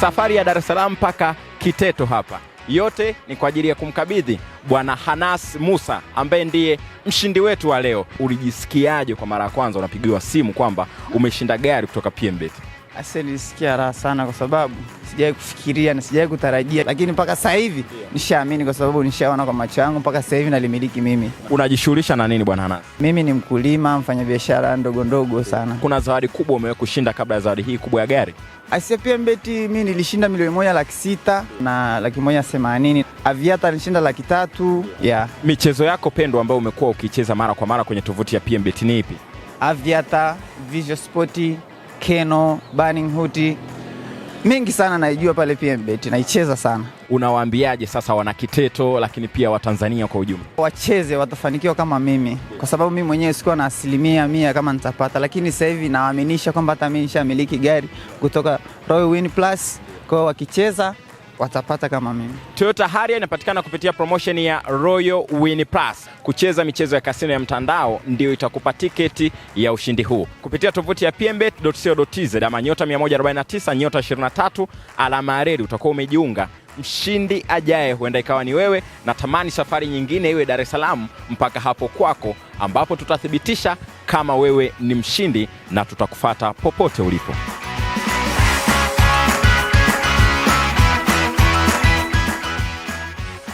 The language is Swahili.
safari ya Dar es Salaam mpaka Kiteto hapa, yote ni kwa ajili ya kumkabidhi Bwana Hanas Musa ambaye ndiye mshindi wetu wa leo. Ulijisikiaje kwa mara ya kwanza unapigiwa simu kwamba umeshinda gari kutoka PMbet? Ase, raha sana kwa sababu sijawahi kufikiria na sijawahi kutarajia, lakini mpaka sasa hivi nishaamini kwa sababu nishaona kwa macho yangu, mpaka sasa hivi nalimiliki mimi. Unajishughulisha na nini bwana Hanasi? Mimi ni mkulima, mfanyabiashara ndogo ndogo sana. Kuna zawadi kubwa umewahi kushinda kabla ya zawadi hii kubwa ya gari? Asia pia mbeti, mimi nilishinda milioni moja laki sita na laki moja themanini. Aviata nilishinda laki tatu yeah. Michezo yako pendwa ambayo umekuwa ukicheza mara kwa mara kwenye tovuti ya PMBet ni ipi? Aviata, Visual Sport Keno, Burning Huti, mingi sana naijua pale PMbet, naicheza sana. Unawaambiaje sasa wana kiteto lakini pia Watanzania kwa ujumla? Wacheze, watafanikiwa kama mimi, kwa sababu mimi mwenyewe sikuwa na asilimia mia kama nitapata, lakini sasa hivi nawaaminisha kwamba hata mimi nishamiliki gari kutoka Roy Win Plus. Kwa wakicheza watapata kama mimi. Toyota Harrier inapatikana kupitia promotion ya Royal Win Plus. Kucheza michezo ya kasino ya mtandao ndio itakupa tiketi ya ushindi huu kupitia tovuti ya pmbet.co.tz ama nyota 149 nyota 23 alama ya redi, utakuwa umejiunga. Mshindi ajaye huenda ikawa ni wewe, na tamani safari nyingine iwe Dar es Salaam mpaka hapo kwako, ambapo tutathibitisha kama wewe ni mshindi na tutakufata popote ulipo.